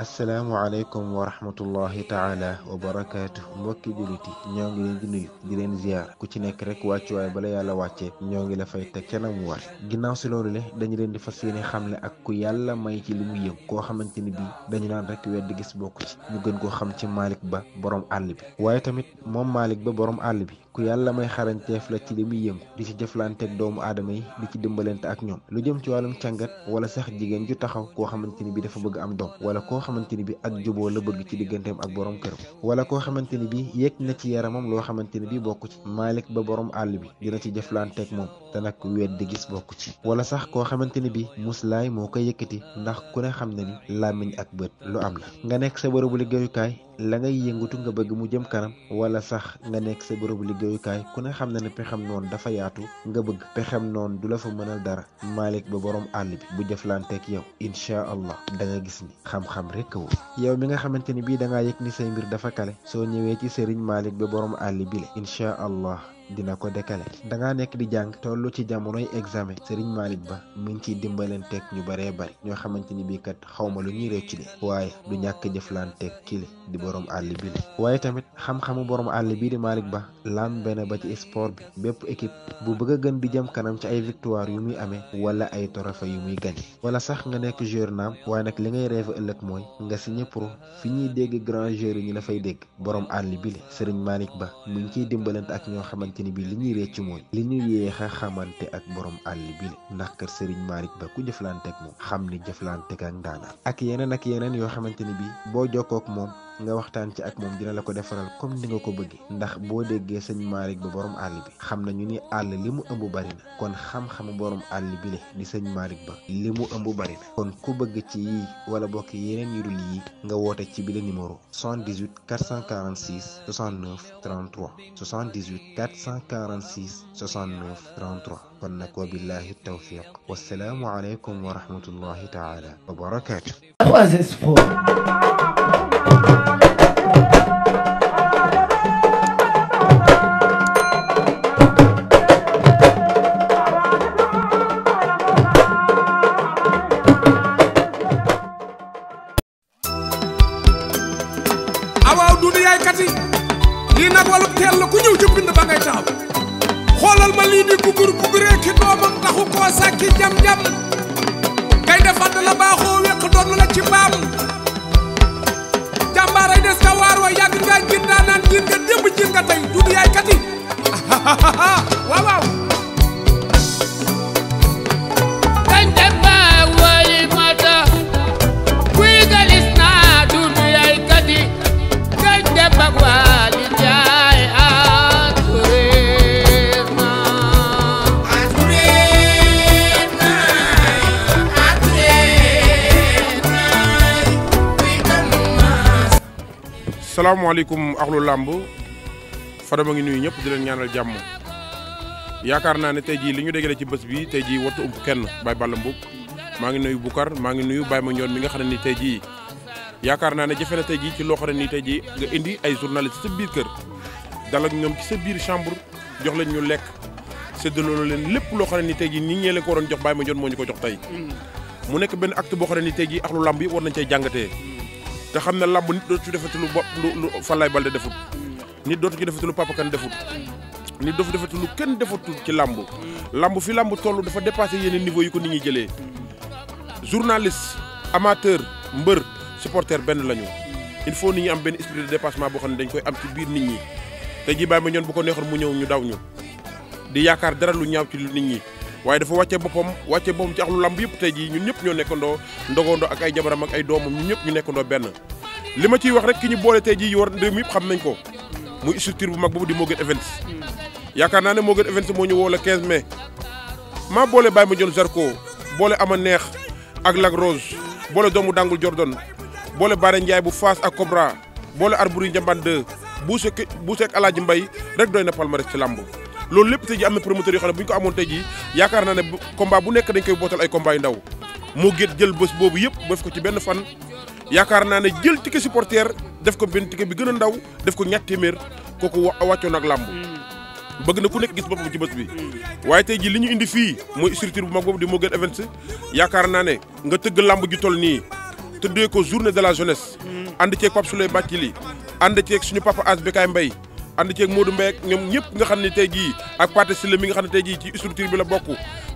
asalaamualeykum wa rahmatullahi taala wa barakaatu mbokki i yi ñoo ngi leen di nuyu di leen ziar ku ci nekk rek wàccuwaay bala yàlla wàccee ñoo ngi la fay teg ca nam war ginnaaw si loolu le dañu leen di fas yéene xamle ak ku yàlla may ci li mu yëm koo xamante ni bii dañu naan rek wedd gis bokk ci ñu gën koo xam ci Malick Ba boroom àll bi waaye tamit moom Malick Ba borom àll bi ku yàlla may xarañteef la ci li muy yëngu di ci jëflanteeg doomu aadama yi di ci dimbalante ak ñoom lu jëm ci wàllum càngat wala sax jigéen ju taxaw koo xamante ni bi dafa bëgg am doom wala koo xamante ni bi ak juboo la bëgg ci digganteem ak borom këram wala koo xamante ni bi yéeg na ci yaramam loo xamante ni bi bokk ci Malik ba borom àll bi dina ci jëflanteeg moom te nag weddi gis bokk ci wala sax koo xamante ni bi muslaay moo koy yëkkati ndax ku ne xam ne ni làmmiñ ak bët lu am la nga nekk sa bërëbu liggéeyukaay la ngay yëngatu nga bëgg mu jëm kanam wala sax nga nekk sa bërëbu liggéeyukaay ku ne xam ne ne pexem noonu dafa yaatu nga bëgg pexem noonu du la fa mënal dara Malick ba borom àll bi bu jëflanteeg yow incha allah da nga gis ni xam-xam rek woo yow mi nga xamante ni bii da ngaa yëg ni say mbir dafa kale soo ñëwee ci Serigne Malick ba borom àll bi la incha allah dina ko décaler dangaa nekk di jàng toll ci jamonoy examen Serigne Malick Ba mi ngi ciy dimbalanteeg ñu baree bari ñoo xamante ni bii kat xawma lu ñuy réccu li waaye du ñàkk jëflanteeg kii di borom àll bi waaye tamit xam-xamu boroom àll bii di Malick Ba làmbe na ba ci sport bi bépp équipe bu bëgg a gën di jëm kanam ci ay victoire yu muy amee wala ay trophée yu muy gagné wala sax nga nekk joueur naam waaye nag li ngay rêve ëllëg mooy nga signé pro fi ñuy dégg grand yi la fay dégg borom àll bi la Serigne Ba mi ngi ciy dimbalante ak ñoo xamante xamante ni bi li ñuy réccu mooy li ñu yéex a xamante ak borom àll bi ndax kër Serigne Malick Ba ku jëflante ak moom xam ni jëflante ak ndaanaan ak yeneen ak yeneen yoo xamante ni bi boo jokkook moom nga waxtaan ci ak moom dina la ko defaral comme ni nga ko bëggee ndax boo déggee sëñ Malick ba boroom àll bi xam na ñu ni àll li mu ëmb bari na kon xam-xamu borom àll bi le di sëñ Malick ba li mu ëmb bari na kon ku bëgg ci yii wala bokk yeneen yu dul yii nga woote ci bile numéro 78 446 69 33 78 446 246 69 33 kon nag wa billahi tawfiq wassalaamu aleykum wa rahmatullahi taala wa barakatuh ci maam jàmbaar ay des ka waar wa yàgg nga jiit naa naan jiit nga démb jiit nga tey duudu yaay kati waaw waaw salaamaaleykum axlu làmb Fadama ngi nuyu ñëpp di leen ñaanal jàmm yaakaar naa ne tey jii li ñu dégale ci bés bi tey jii wartu ëpp kenn Baye Balla Mboup maa ngi nuyu Boucar maa ngi nuyu baay ma ñoon mi nga xam ni tey jii yaakaar naa ne jafe na tey jii ci loo xam ne nii tey ji nga indi ay journaliste ci biir kër dal ak ñoom ci sa chambre jox leen ñu lekk séddaloo leen lépp loo xam ne nii tey jii nit ñee leen ko waroon jox Baye Mandione moo ñu ko jox tey mm-hmm. mu nekk benn acte boo xam ne nii tey jii axlu làmb yëpp war nañ cey jàngatee te xam ne làmb nit dootu ci defati lu bopp lu Falaye Balde defut nit dootu ci defati lu Papa Kane defut nit dootu defati lu kenn defatul ci làmb làmb fi làmb toll dafa dépassé yeneen niveau yi ko nit ñi jëlee journaliste amateur mbër supporter benn lañu il faut nit ñi am benn esprit de dépassement boo xam ne dañ koy am ci biir nit ñi te ji ma ñoon bu ko neexoon mu ñëw ñu daw ñu di yaakaar dara lu ñaaw ci nit ñi waaye dafa wàcce boppam wàcce boppam ci axlu lamb yëpp tey ji ñun ñëpp ñoo nekkandoo ndogandoo ak ay jabaram ak ay doomam ñun ñëpp ñu nekkandoo benn li ma ciy wax rek ki ñu boole tey jii war réew mi yëpp xam nañ ko muy structure bu mag bu di Moguel Events yaakaar naa ne Moguel Events moo ñu woo le 15 maa boole Baye Mandione Zarko boole am a Neex ak Lac Rose boole doomu Dangul Jordan boole Baare Ndiaye bu Faas ak Cobra boole Arbouri Njambaan 2 buuse buuse ak Alaaji Mbay rek doy na palmarès ci làmb loolu lépp tey ji am na promoteur yoo xam ne bu ñu ko amoon tey ji yaakaar naa ne combat bu nekk dañ koy bootal ay combat yu ndaw moo gét jël bés boobu yëpp def ko ci benn fan yaakaar naa ne jël ticket supporter def ko benn ticket bi gën a ndaw def ko ñetti téeméer kooku wàccoon ak làmb mm. bëgg na ku nekk gis boppam ci bés bi waaye tey ji li ñu indi fii mooy structure bu mag boobu di moo gën events yaakaar naa ne nga tëgg làmb ju toll nii tëddee ko journée de la jeunesse mm. ànd ceeg Pape Souley Bathily ànd ceeg suñu papa Asbekaay Mbaye ànd ceeg Modou Mbaye ak ñoom ñëpp nga xam ne tey jii ak Pathé Sylla nga xam ne tey jii ci structure bi la bokk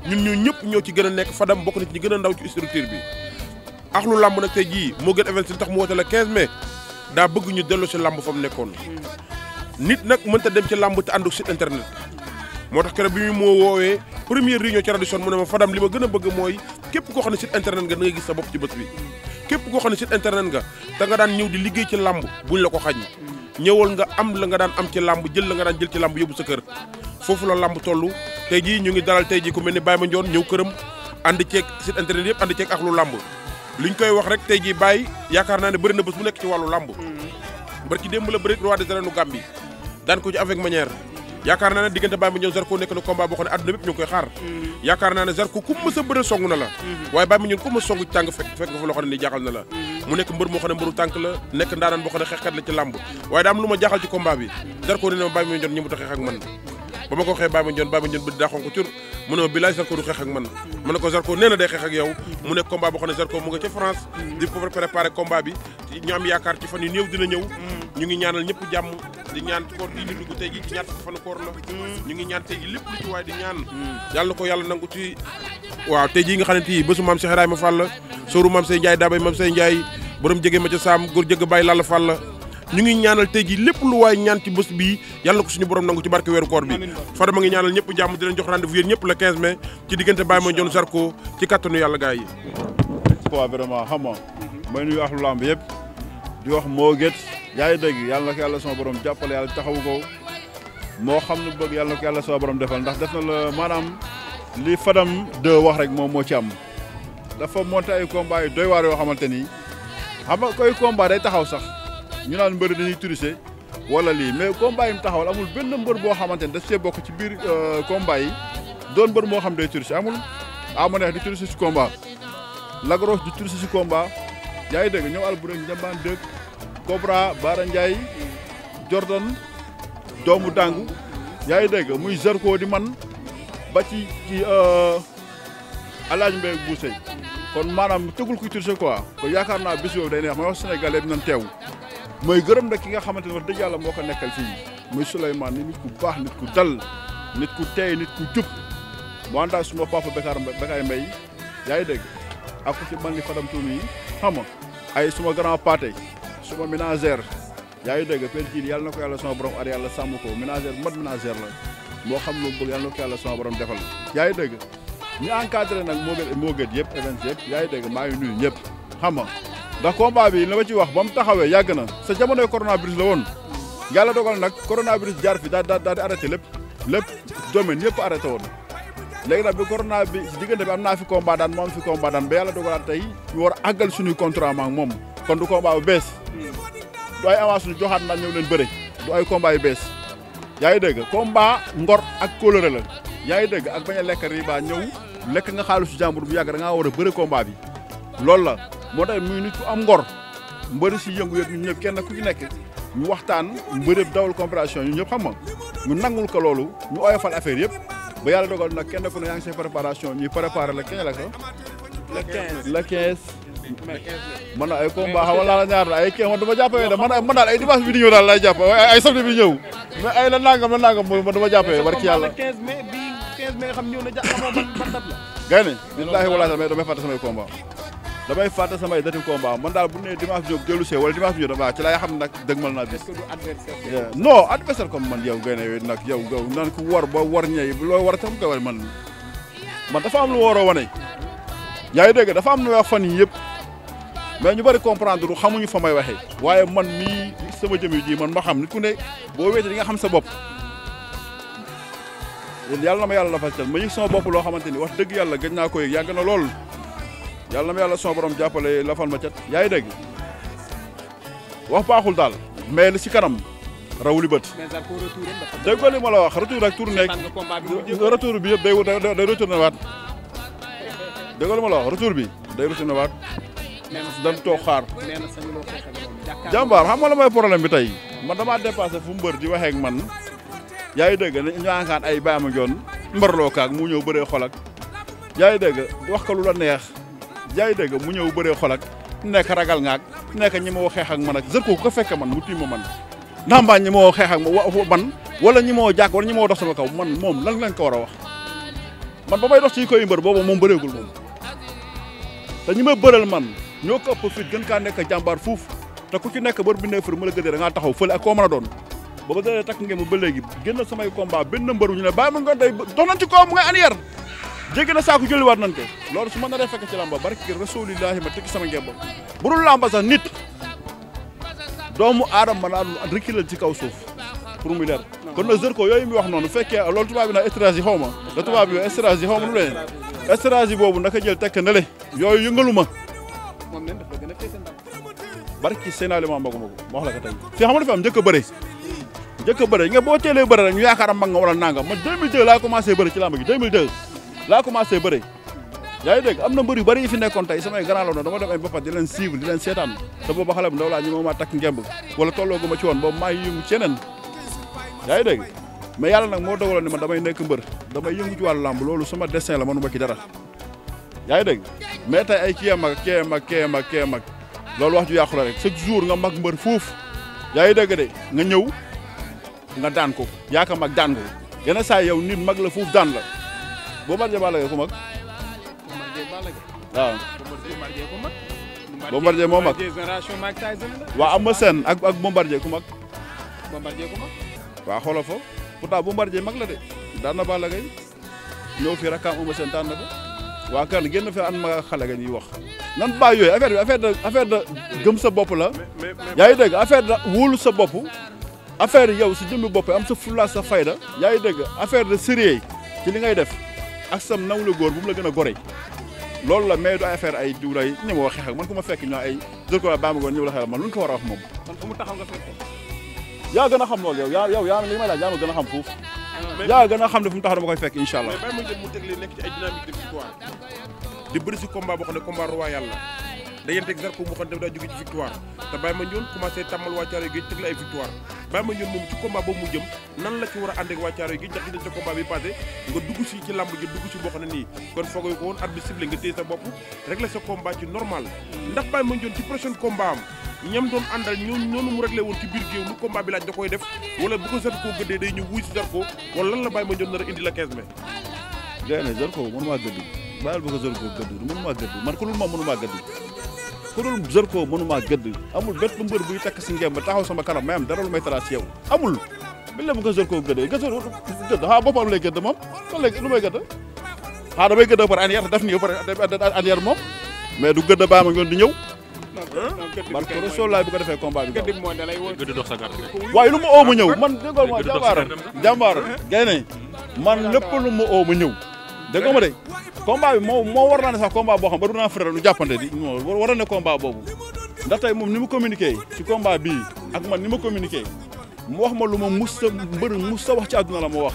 ñun ñu ñëpp ñoo ci gën a nekk Fadam bokk na ci gën a ndaw ci structure bi axlu làmb nag tey jii moo gën event si tax mu woote la 15 daa bëgg ñu dellu si làmb fa mu nekkoon nit nag mënta dem ci làmb te àndu site internet moo tax keroog bi mu moo woowee première réunion ci tradition mu ne ma Fadam li ma gën a bëgg mooy képp koo xam ne site nga da nga sa bopp ci bés bi képp koo xam ne site nga te nga daan ñëw di liggéey ci làmb buñ la ko xañ ñëwal nga am la nga daan am ci làmb jël la nga daan jël ci làmb yóbbu sa kër foofu la làmb tollu tey jii ñu ngi dalal tey jii ku mel ni baay ma Mandione ñëw këram ànd ceeg si internet yëpp ànd ceeg ak lu làmb li ñu koy wax rek tey jii Baye yaakaar naa ne bëri na bés bu nekk ci wàllu làmb mm. bari ci démb la bëri roi des arènes Gambie daan ko ci avec manière yaakaar naa ne diggante Baye Mandione Zarko nekk na combat boo xam ne bépp ñu koy xaar mm. yaakaar naa ne Zarko ku a bëre na la mm-hmm. waaye Baye Mandione ku mës song ci tàng fekk fekk fa loo xam ni jaaxal na la mm-hmm. mu nekk mbër moo xam mbëru tànk la nekk ndaanaan boo xam ne la ci làmb waaye daa lu ma jaaxal ci combat bi Zarko ne ne ma Baye Mandione ñi mu ta xeex ak man ba ma ko waxee Baye Mandione daa xonk cur mu ne ma bilaay Zarko di ñaan koor gi ñu dugg ngi ñaan tey gi lépp lu ci waaye di ñaan yàlla na ko yàlla nangu ci waaw tey jii nga xam ni bésu maam Cheikh Ibrahima Fall la sóoru maam Sey Ndiaye daabay maam Sey Ndiaye borom jege ma ca saam góor jëgg bàyyi lalla Fall la ñu ngi ñaanal tey jii lépp lu waaye ñaan ci bés bi yàlla na ko suñu borom nangu ci barke weeru koor bi fada ma ngi ñaanal ñëpp jàmm di leen jox rendez-vous yéen ñëpp le 15 mai ci diggante Baye Mandione Dione Sarko ci kattanu yàlla gaay yi waaw vraiment xam nga may nuyu yaa ngi dégg yàlla na ko yàlla sama borom jàppale yàlla taxawu ko moo xam lu bëgg yàlla na ko yàlla sama borom defal ndax def na la maanaam li Fadam de wax rek moom moo ci am dafa monté ay combat yu doy waar yoo xamante ni xam nga koy combat taxaw sax ñu naan mbëri dañuy turisé wala lii mais combat yi mu taxawal benn mbër boo xamante ni daf see bokk ci biir euh, combat yi doon mbër moo xam day turisé amul ama neex di turisé si combat lagros di turisé si combat yaa ngi dégg ñoom albure njambaan dëkk Cobra Baara Ndiaye Jordan doomu dàngu yaa ngi dégg muy Zarko di man ba ci ci euh, alaaj Mbaye Boussey kon maanaam tëggul culture c'est quoi kon yaakaar naa bis boobu day neex may wax sénégalais bi nan teew mooy gërëm nag ki nga xamante ne wax yàlla moo ko nekkal fii muy Souleymane nit ku baax nit ku dal nit ku teey nit ku jub mu ànd ak suma papa Bekaar Bekaay Mbaye yaa ngi dégg ak ku ci mel ni Fadam Touré yi ay suma grand pâté suma ménagère yaa ngi dégg peinture yàlla na ko yàlla sama borom ar yàlla sàmm ko ménagère mat la moo xam lu bëgg yàlla na ko yàlla defal yaa ngi dégg ñu encadré nag moo gën moo gën yëpp events yëpp yaa ngi dégg maa ngi nuyu ñëpp xam nga ndax combat bi li ma ci wax ba mu taxawee yàgg na sa jamonoy coronavirus la woon yalla dogal nag coronavirus jaar fi daal daal di lépp lépp domaine yëpp arrêté woon léegi nag bi corona bi si diggante bi naa fi combat daan moom fi combat daan ba yàlla dogalaat tey ñu war a moom du ay avance ñu joxaat naan ñëw leen bëre du ay combat yu bees yaa ngi dégg combat ngor ak kóolóore la yaa ngi dégg ak bañ a lekk riba ñëw lekk nga xaalisu jàmbur bu yàgg da ngaa a bëre combat bi loolu la moo tax muy nu ku am ngor mbëri si yëngu yëg ñun ñëpp kenn ku ci nekk ñu waxtaan mbëri dawal compréhension ñun ñëpp xam nga ñu nangul ko loolu ñu oyofal affaire yëpp ba yàlla dogal nag kenn ku ne yaa ngi seen préparation ñuy préparer la ko man ay combat xaw ma laal ay kii man du ma jàppee de man man daal ay dimanche bi di ñëw daal lay jàpp ay samedi bi ñëw mais ay la nangam la man du ma jàppee barki yàlla. 15 mai xam ñëw na jàpp xamoo ban la. gay ni billaahi wallaahi mais ay fàtte samay combat damay fàtte samay dati combat man daal bu ne dimanche bi ñëw dellu see wala dimanche bi ñëw waaw ci laay xam nag dëgmal naa bis. non adversaire comme man yow gay ne nag yow gaw naan ko war ba war ñey looy war tam ko war man man dafa am lu waroo wane yaa ngi dégg dafa am lu wax fan yii yëpp mais ñu bari comprendre lu xamuñu fa may waxee waaye man mii sama jëm ji man ma xam nit ku ne boo wéete di nga xam sa bopp yàlla na ma yàlla lafal cal ma yëg sama bopp loo xamante ni wax dëgg yàlla gëj naa ko yëg yàgg na lool yàlla na ma yàlla sama borom jàppale lafal ma cat yaa ngi dégg wax baaxul daal mais li ci kanam raw li bët déggoo li ma la wax retour ak tourné retour bi yëpp day day na waat déggoo li ma la wax retour bi day retourné waat dañ toog xaar jàmbaar xam nga la mooy problème bi tey man damaa dépassé fu mbër di waxee ak man yaa ngi dégg ñu ànkaat ay baama joon mbarloo kaag mu ñëw bëree xol ak yaa ngi dégg wax ko lu la neex yaa ngi dégg mu ñëw bëree xol ak nekk ragal ngaak nekk ñi ma woo xeex ak man ak zërko ko fekk man mu tiima man ndambaan ñi ma woo xeex ak man wala ñi ma woo jàkk wala ñi ma woo sama kaw man moom lan lañ ko war a wax man ba may dox ci koy mbër boobu moom bëreegul moom te ñi ma man ñoo ko fit gën kaa nekk jàmbaar fuuf te ku ci nekk bor bi neefere mu la gëdee da ngaa taxaw fële ak koo a doon ba ba dalee takk ngeen ba léegi génn samay combat benn mbëru ñu ne bàyyi ma nga day dox nañ ci kawam mu ngay an yar jéggi na saako jëliwaat nañ ko loolu su ma naree fekk ci làmba barki rasulillahi ma tekki sama ngemba bu dul làmba sax nit doomu aadama laa rëkkilal ci kaw suuf pour mu leer kon na Zarko yooyu mi wax noonu fekkee loolu tubaab bi naan stratégie xaw ma da tubaab bi stratégie xaw ma nu leen stratégie boobu na le yooyu yëngalu ma moom nag dafa gën a féete ndaw. barki seen aliment magu magu ma wax la ko tey fii xam fi am njëkk a bëre njëkk a bëre nga boo teelee bëre rek ñu yaakaar mag nga wala nangam man 2002 laa commencé bëre ci làmb gi 2002 laa commencé bëre yaa ngi dégg am na mbër yu bëri yi fi nekkoon tey samay grand loon dama def ay boppat di leen suivre di leen seetaan te boobu xale bu ndaw laa ñu ma maa takk ngemb wala tolloo gu ma ci woon boobu maa ngi yëngu ci yeneen yaa nag moo dogaloon ni man damay nekk mbër damay yëngu ci wàllu làmb loolu sama destin la mënu ma ci dara yaa ngi dégg mais tey ay kii mag kii mag kii mag loolu wax ju yàqu rek chaque jour nga mag mbër foofu yaa ngi dégg de nga ñëw nga daan ko yaaka mag daan ko yenn saa yow nit mag la foofu daan la boo marjee baal la ku mag. waaw. Bombardier moo mag waaw Eumeu Sène ak ak Bombardier ku mag. waaw xoolal foofu pourtant Bombardier mag la de daan na Balla Gaye ñëw fii rek am Eumeu Sène waa kër génn fi an ma xale ga ñuy wax nan bàyyi yooyu affaire bi affaire de affaire gëm sa bopp la yaa ngi dégg affaire de sa bopp affaire yow si jëmmi bopp am sa fulla sa fayda yaa ngi dégg affaire de sérieux li ngay def ak sam nawle góor bu mu la gën a gore loolu la mais du affaire ay diw lay ñi ma wax man ku ma fekk ñoo ay jël ko ba ma goon ñëw la man lu ñu ko war a wax moom yaa gën a xam loolu yow yaa yow yaa li may laaj yaa ma gën a xam foofu yaa gën xam ne fu mu taxaw dama koy fekk incha allah. mu teg leen nekk ci ay dynamique de victoire di bëri si combat boo xam ne combat la day yem teg Zarko mu xam ne daa jóge ci victoire te Baye Mandione commencé tàmmal waa Thiaroye Géej teg la ay victoire Baye Mandione moom ci combat boobu mu jëm nan la ci war a ànd ak waa Thiaroye Géej ndax dinañ ca combat bi passé nga dugg ci làmb ji dugg si boo xam nii kon foogoo ko woon at bi ciblé nga téye sa bopp réglé sa combat ci normal ndax Baye Mandione ci prochain combat ñam doon àndal ñooñu noonu mu réglé woon ci biir géew lu combat bi laa da koy def wala bu ko Zarko gëddee day ñëw wuy si la Baye Mandione nar a indi la 15 mai gay ne Zarko mënumaa gëdd bàyyil bu ko Zarko ku dul Zarko mënumaa gëdd amul bépp mbër buy takk si ngeen ba taxaw sama kanam mayam dara lu may taraas yow amul bi la bu ko Zarko gëddee gëdd gëdd xaa boppam lay gëdd gëdd ba pare an yar daf nii ba pare an yar moom mais du gëdd baa ma ngoon di man ko Rasuul laay bu ko defee man déggoo ma jàmbaar ñëw dégg nga ma de combat bi moo moo war naa ne sax combat boo xam ba du naa frère nu jàppante di war a ne combat boobu ndax tey moom ni mu si ci combat bii ak man ni ma communiqué mu wax ma lu ma mus sa mbër mu sa wax ci àdduna la ma wax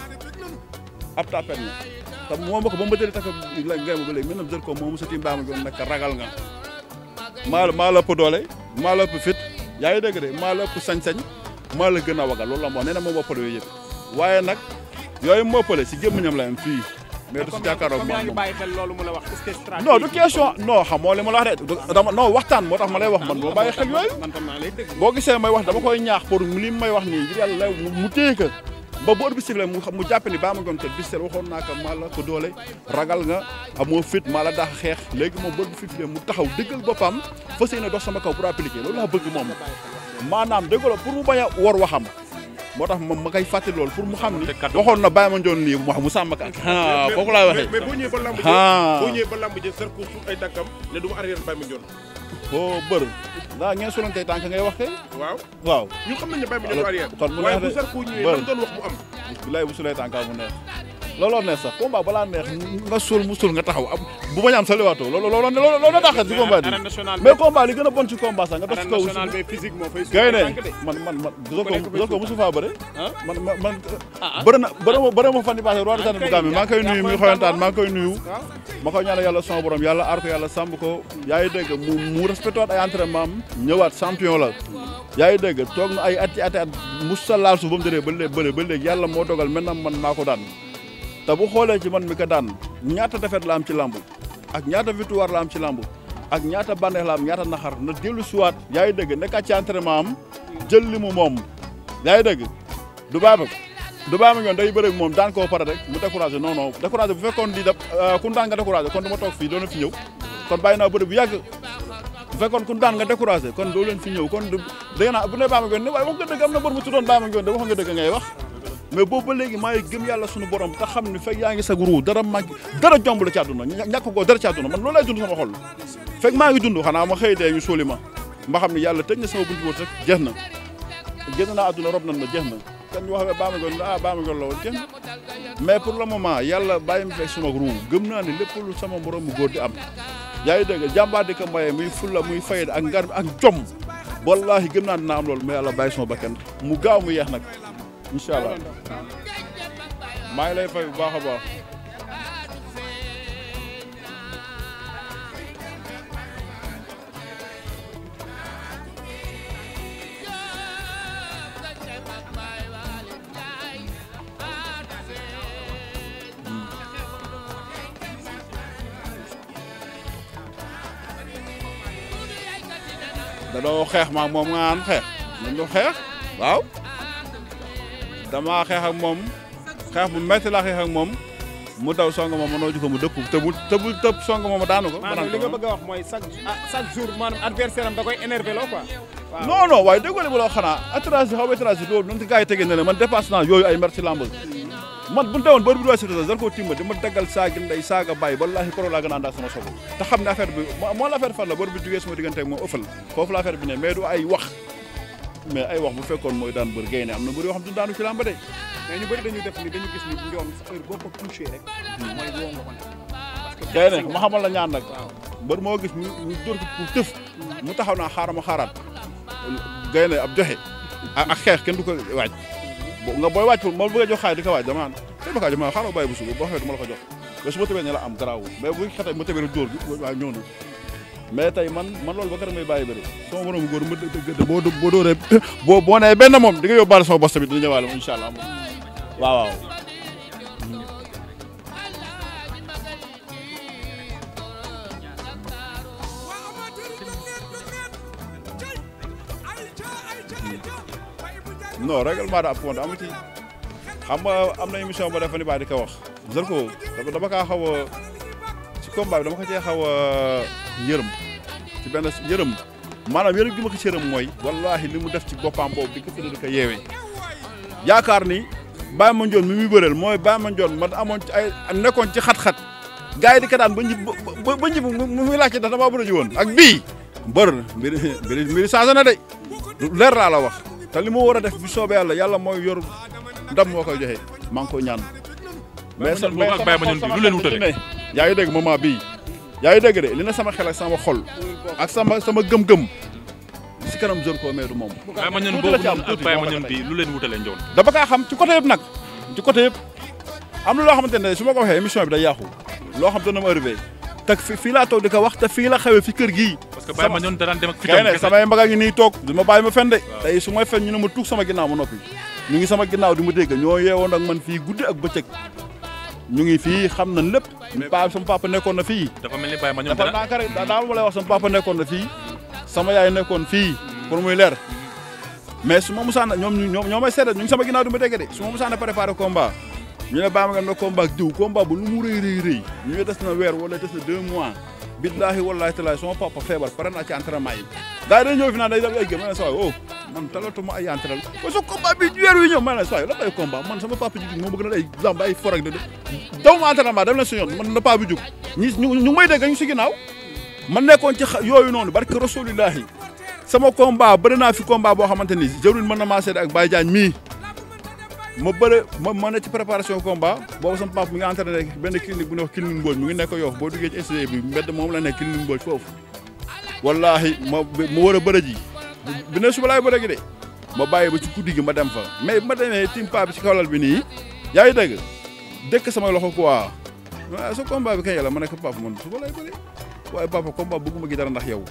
ab tapet na te moom ba ko ba mu bëjëlee takka ngay ma ba ko moom mos a tiim baamu joon nag ragal nga maa maa la ëpp doole maa la ëpp fit yaa ngi dégg maa la ëpp sañ-sañ maa la gën a wagal loolu la moo nee na moom moo waaye nag yooyu moo ëppale si gémmiñam la fii mais du si jàkkaarloog moom ngi mu la wax ma la wax de dama waxtaan moo tax ma lay wax man boo bàyyi xel yooyu boo gisee may wax dama koy ñaax pour li may wax nii ngir yàlla lay mu téye ko ba bu heure bi mu mu jàpp ni baa ma jonte bistel waxoon naa ko maa la ko doole ragal nga amoo fit maa la daax xeex léegi moom bër bu fifle mu taxaw dëggal boppam fas yéene dox sama kaw pour appliquer loolu laa bëgg moom maanaam dégg la pour mu bañ a war waxam moo tax moom ma koy fàttali loolu pour mu xam ni waxoon na bàyyi ma njoon nii wax mu sàmm ka foofu laay waxee mais boo ñëwee ba lamb ah. boo ñëwee ba lamb ji Zarko suuf ay tànkam ne du ngeen solantee tànk ngay wax kay waaw waaw ñu xam na ne bàyyi ma njoon arrière kon mu neex de waaye bu Zarko ñëwee mu am looloo neex sax combat balaa neex nga suul mu suul nga taxaw am bu bañ a am sa lewaatoo looloo looloo looloo dàqal ci combat bi mais combat li gën a bon ci combat sax nga dox ci kaw gay ne man man man ma fan yi passé roi de ngi koy nuyu muy xoyantaan maa ngi koy nuyu yàlla son borom yàlla aar ñëwaat champion la yaa toog na ay at ci at ba mu dëree ba léegi ba léegi yàlla moo dogal maintenant man maa ko daan te bu xoolee ci man mi ko daan ñaata defet la am ci làmb ak ñaata victoire la am ci làmb ak ñaata bànneex la am ñaata naxar na dellu siwaat yaa ngi dëgg nekkaat ci entraînement am jël li mu moom yaa ngi dëgg du baaba du baaba ñoon day bëre moom daan koo pare rek mu découragé non non découragé bu fekkoon di def euh, kun daan nga découragé kon du ma toog fii doona fi ñëw kon bàyyi naa bëri bu yàgg bu fekkoon kun daan nga découragé kon doo leen fi ñëw kon da nga naa bu ne baama ñoon ne waaye wax nga dëgg dëgg ngay wax mais boobu ba léegi maa ngi gëm yàlla suñu borom te xam ni fekk yaa ngi sag ruu dara mag dara jomb la ci àdduna ñàkk koo dara ci àdduna man loolu lay dund sama xol fekk maa ngi dund xanaa ma xëy dee ñu suuli ma ma xam ne yàlla tëj na sama buntu wërsëg jeex na génn naa àdduna rob nan ma jeex na kan ñu wax ne baama gol ah baama gol la woon jeex na mais pour le yàlla bàyyi ma fekk suma ruu gëm naa ne lépp lu sama borom mu góor di am yaa ngi dégg jàmbaar di ko mbaye muy fulla muy fayda ak ngar ak jom wallahi gëm naa naa am loolu mais yàlla bàyyi suma bakkan mu gaaw mu yeex nag incha allah maa ngi lay fay bu baax a baax. danoo xeex maa moom nga naan xeex. nañ ñu xeex waaw. dama xeex ak moom xeex bu métti laa xeex moom mu daw song moom mënoo ji mu dëkku te tëb song moom daanu ko. maanaam li nga a wax mooy chaque ah, chaque jour maanaam adversaire am da waaye déggoo la loo xanaa attirage xaw ma attirage loolu noonu ci gars yi tegee ne la man dépasse naa yooyu ay mer ci làmb man bu ñu teewoon bër bi duwaa sita dar koo timba di ma daggal saagi nday saaga bàyyi wallaahi koro laa sama sobo te xam ne affaire bi moo la affaire fan la bër bi jugee sama diggante moom ëffal foofu la affaire bi ne mais ay wax mais ay wax bu fekkoon mooy daan bër gaynde am na mbër yoo xam du daanu ci làmba de mais ñu bëri dañu def ni dañu gis ni njoon heure boo ko touché nga ko ne gaynde la ñaan nag mbër moo gis ni dóor ko tëf mu taxaw naa xaaral ma xaaraat gaynde ab joxe ak xeex kenn du ko waaj nga booy waaj pour ma bëgg a jox xaay di ko waaj damaan tey ba kaa ma xaaral bàyyi bu suba boo xamee du ma la ko jox ba suba tamit ne la am garaawul mais bu xetee ma tamit dóor bi waaw ñëw mais tey man loolu ba kër may bàyyi bëri sama borom góor ma dëgg boo boo dóoree boo boo nee benn moom di nga yóbbaale sama bos tamit dina ñëwaale moom incha allah waaw waaw. non da ab compte amu ci xam nga am na émission ba dafa ni baa di ko wax Zarko dama kaa xaw ci combat bi dama ko cee yërëm ci benn yërëm maanaam yërëm gi ma ko ci yërëm mooy li mu def ci boppam boobu di ko tëdd di ko yeewee yaakaar ni Baye Mandione mi muy bëreel mooy Baye Mandione man amoon ci ay nekkoon ci xat-xat gars yi di ko daan ba njib ba ba njib mu muy laajte ndax damaa ak bii bër mbir mbiri mbiri changé na de leer laa la wax te li mu war a def bu soobee yàlla yàlla mooy yor ndam moo koy joxe maa ngi koy ñaan mais sama sama sama yaa ngi dégg de li na sama xel ak sama xol ak sama sama gëm-gëm si kanam zone koo mais du moom. Baye Mandione boobu ak Baye Mandione bi lu leen wutalee njoon. daba kaa xam ci côté yëpp nag ci côté yëpp am na loo xamante ne su ma ko waxee émission bi day yàqu loo xam te ne ma arrivé te fii laa toog di ko wax te fii la xewee fi kër gii. parce que Baye Mandione danaan dem ak fitam kese samay mbaga ngi nii toog du ma bàyyi ma fen de. tey su fen ñu ne ma tuug sama ginaaw ma noppi ñu ngi sama ginnaaw di ma dégg ñoo yeewoon ak man fii guddi ak bëccëg ñu ngi fii xam na lépp. paa sama papa nekkoon na fii. dafa mel ni a ma ñoom dara dafa rek daa ma lay wax sama papa nekkoon na fii. sama yaay nekkoon fii. pour muy leer. mais su ma musaan ñoom ñoom ñoo may seede ñu ngi sama ginnaaw du ma dégg de su ma musaan préparé combat ñu ne baa ma ngeen ne combat ak diw combat bu nu mu rëy rëy rëy ñu ne des na weer wala des na deux mois. billaahi wallaahi taalaa sama papa feebar pare naa ci entraînement yi. daal day ñëw fi naan day def ay gëm ma oh, ay entraînement ko sa combat bi weer wi ñëw ma ne la saa yoo la man sama papa ji moo bëgg na ay lamb ay for de daw ma dem na si yoon man bi jug ñu ñu may dégg ñu si ginnaaw man nekkoon ci yooyu noonu barke rasulillahi sama combat bëri naa fi combat boo xamante ni jëruñ mën na maa seede ak Baye Diagne mii ma bëre ma ma ne ci préparation combat boobu sama papa mi nga entraîné benn clinique bu ne wax clinique mu ngi nekk Yoff boo duggee ci bi mbedd moom la nekk clinique Mbodj foofu wallaahi ma ma war a bëre ji bi ne laay bëre gi ma bàyyi ba ci kuddi gi ma dem fa mais ma demee timpa bi ci kawlal bi nii yaa ngi dégg dëkk sama loxo quoi waaw ah, sa combat bi kañ yàlla ma nekk papa man su ko lay bëri waaye papa combat bëgguma gi dara ndax yow.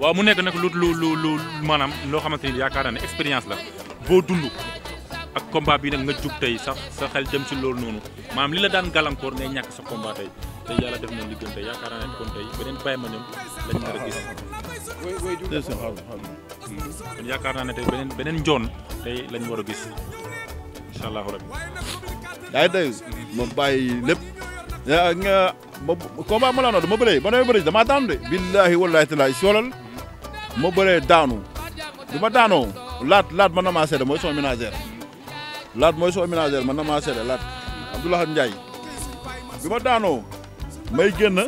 waaw mu nekk nag lu lu lu lu maanaam loo xamante ni yaakaar naa ne expérience la boo dund ak combat bi nag nga jug tey sax sa xel jëm si loolu noonu maanaam li la daan gàllankoor ngay ñàkk sa combat tey. tey yàlla def yaakaar naa ne kon beneen a yaakaar naa ne tey beneen beneen njoon tey lañ war a gis incha allahu rabi. yaa ngi ma bàyyi lépp yaa nga ma combat ma la noonu ma bëree ba nooy bëree damaa daanu de. billaahi wallaahi taalaa soolal ma bëree daanu du ma daanoo laat laat man na seede mooy son ménagère laat mooy son ménagère ma na maa seede laat Abdoulaye Ndiaye bi ma daanoo. may génn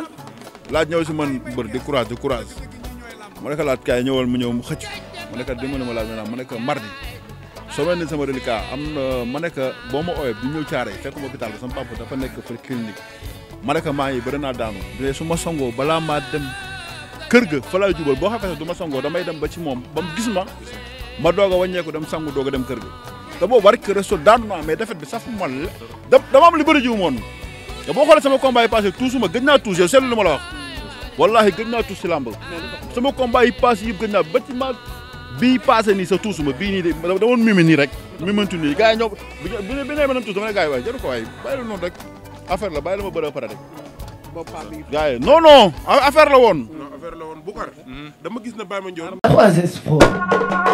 laa ñëw si man mbër di courage di courage ma ne ko laaj kaay ñëwal mu ñëw mu xëcc ma ne ko dimbali ma laaj ma ne ma ne ko mardi soo mel ni sama reliquat am na ma ne ko boo ma ooyee bi ñëw caaree fekk ma hôpital ba sama papa dafa nekk fa clinique ma ne ko maa ngi bëri naa daanu su ma songoo balaa maa dem kër ga fa laay jubal boo xamante ne du ma songoo damay dem ba ci moom ba mu gis ma ma doog a wàññeeku dem sangu doog a dem kër ga te boobu war ko resto daanu naa mais defet bi safu ma la dama am li bëri jiw moon te boo xoolee sama combat yi passé tuusu ma gëj naa tuus yow seetlu lu ma la wax wallaahi gëj naa tuus si làmb sama combat yi gëj naa bâtiment bii passé nii sa tuusuma bii nii de da woon nii rek mimantu nii gars yi ñoo bi ne ma doon tuus dama ne gars yi waaye jaru ko waaye bàyyi la noonu rek affaire la bàyyi la ma bëre pare rek gars yi non la woon affaire la woon bu kar hmm. dama gis na bàyyi ma njoon